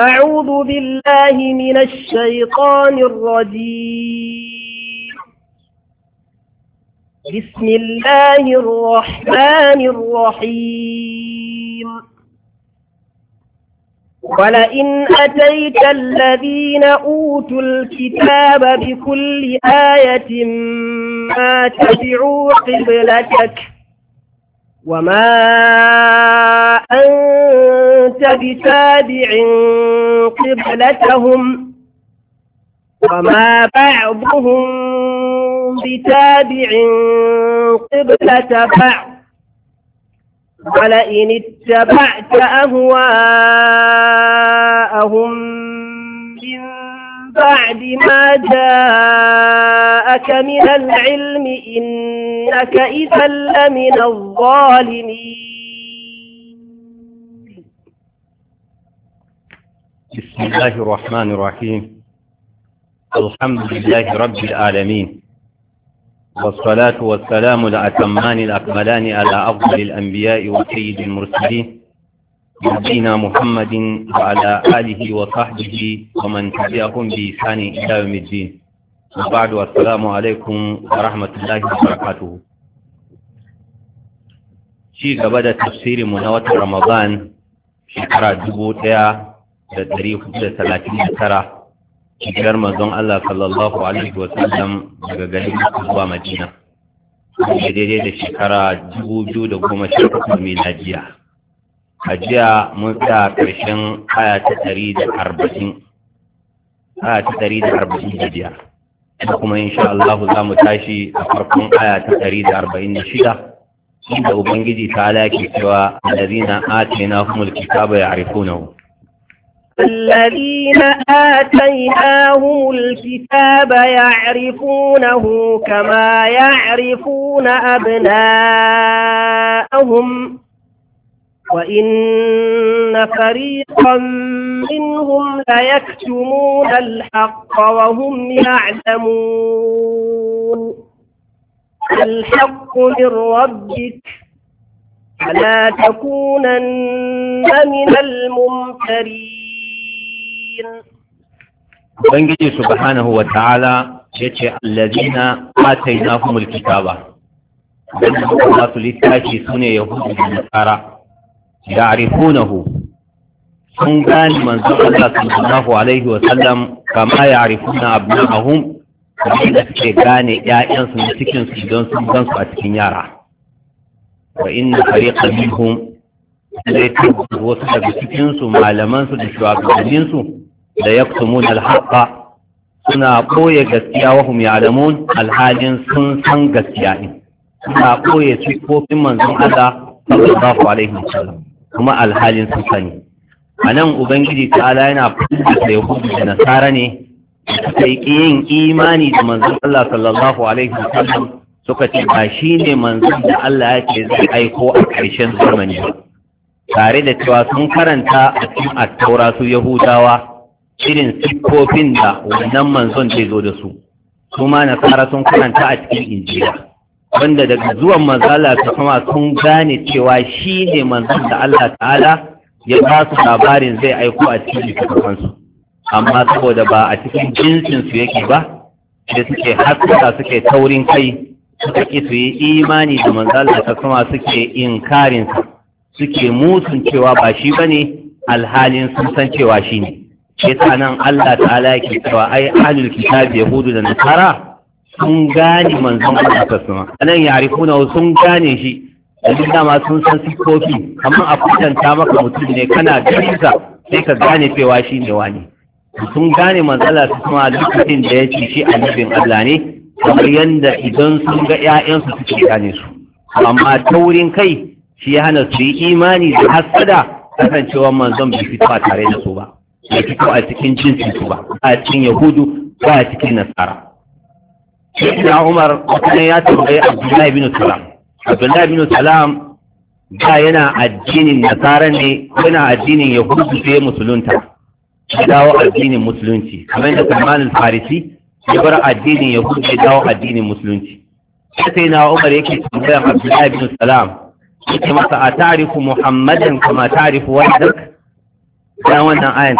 أعوذ بالله من الشيطان الرجيم بسم الله الرحمن الرحيم ولئن أتيت الذين أوتوا الكتاب بكل آية ما تبعوا قبلتك وما أنت كنت بتابع قبلتهم وما بعضهم بتابع قبلة بعض ولئن اتبعت أهواءهم من بعد ما جاءك من العلم إنك إذا لمن الظالمين بسم الله الرحمن الرحيم الحمد لله رب العالمين والصلاة والسلام الأتمان الأكملان على أفضل الأنبياء وسيد المرسلين نبينا محمد وعلى آله وصحبه ومن تبعهم بإحسان إلى يوم الدين وبعد والسلام عليكم ورحمة الله وبركاته شيء بدأ تفسير منوة رمضان شكرا دبوتها da dari hudu da talatin da tara hijirar manzon Allah sallallahu alaihi wasallam daga garin Makka zuwa Madina da daidai da shekara dubu biyu da goma sha mai miladiya a jiya mun tsaya ƙarshen aya ta ɗari da arba'in aya ta ɗari da arba'in da biyar kuma insha Allah za mu tashi a farkon aya ta ɗari da arba'in da shida inda ubangiji ta ala ke cewa allazina atina humul kitaba ya'rifunahu الذين آتيناهم الكتاب يعرفونه كما يعرفون أبناءهم وإن فريقا منهم ليكتمون الحق وهم يعلمون الحق من ربك فلا تكونن من الممترين Ubangiji subhanahu wa ta'ala ya ce, Allazina atai na humul kitaba, don da masu littafi su ne Yahudu da Nasara, da arifunahu sun gani manzon Allah sallallahu alaihi wa sallam kama ya arifuna abna'ahum kamar da suke gane ‘ya'yansu na cikinsu don sun gansu a cikin yara. Wa inna fariqan minhum zai tabbata wasu daga cikinsu malamansu da shugabanninsu da ya kusumun alhaɓa suna ɓoye gaskiya wa hum ya'lamun alhalin sun san gaskiya ne suna ɓoye sifofin manzon Allah sallallahu alaihi wasallam kuma alhalin sun sani a nan ubangiji ta Ala yana yi yahudu da nasara ne suka yi yin imani da manzon Allah sallallahu alaihi wasallam suka ce ba shine manzon da Allah yake zai aiko a ƙarshen zamani ba tare da cewa sun karanta a cikin attaura su yahudawa irin siffofin da wannan manzon zai zo da su su ma nasara sun karanta a cikin injila wanda daga zuwan manzala ta sun gane cewa shi ne manzon da Allah ta'ala ya ba su labarin zai aiko a cikin littattafansu amma saboda ba a cikin jinsinsu yake ba da suke haskaka suke taurin kai suka ƙi su yi imani da manzala ta sama suke inkarinsa suke musun cewa ba shi ba ne, alhalin sun san cewa shi ne yasa nan Allah Ta ta'ala yake cewa ai ahlul kitab yahudu da nasara sun gane manzon Allah sallallahu alaihi wasallam anan sun gane shi yanzu dama sun san sifofi amma a kwatanta maka mutum ne kana ganinsa sai ka gane cewa shi ne wani sun gane matsala su kuma lokacin da ya ce shi annabin Allah ne kamar yadda idan sun ga 'ya'yansu suke gane su amma taurin kai shi ya hana su yi imani da hasada kasancewar manzon bai fito a tare da su ba bai fito a cikin jinsin su ba a cikin yahudu ba a cikin nasara sayyidina umar wata ya tambayi abdullahi bin salam abdullahi bin salam da yana addinin nasara ne yana addinin yahudu sai musulunta ya dawo addinin musulunci kamar da salman farisi ya bar addinin yahudu ya dawo addinin musulunci sai na umar yake tambayar abdullahi bin salam yake ka a tarifu muhammadin kama tarifu wanda dan wannan ayan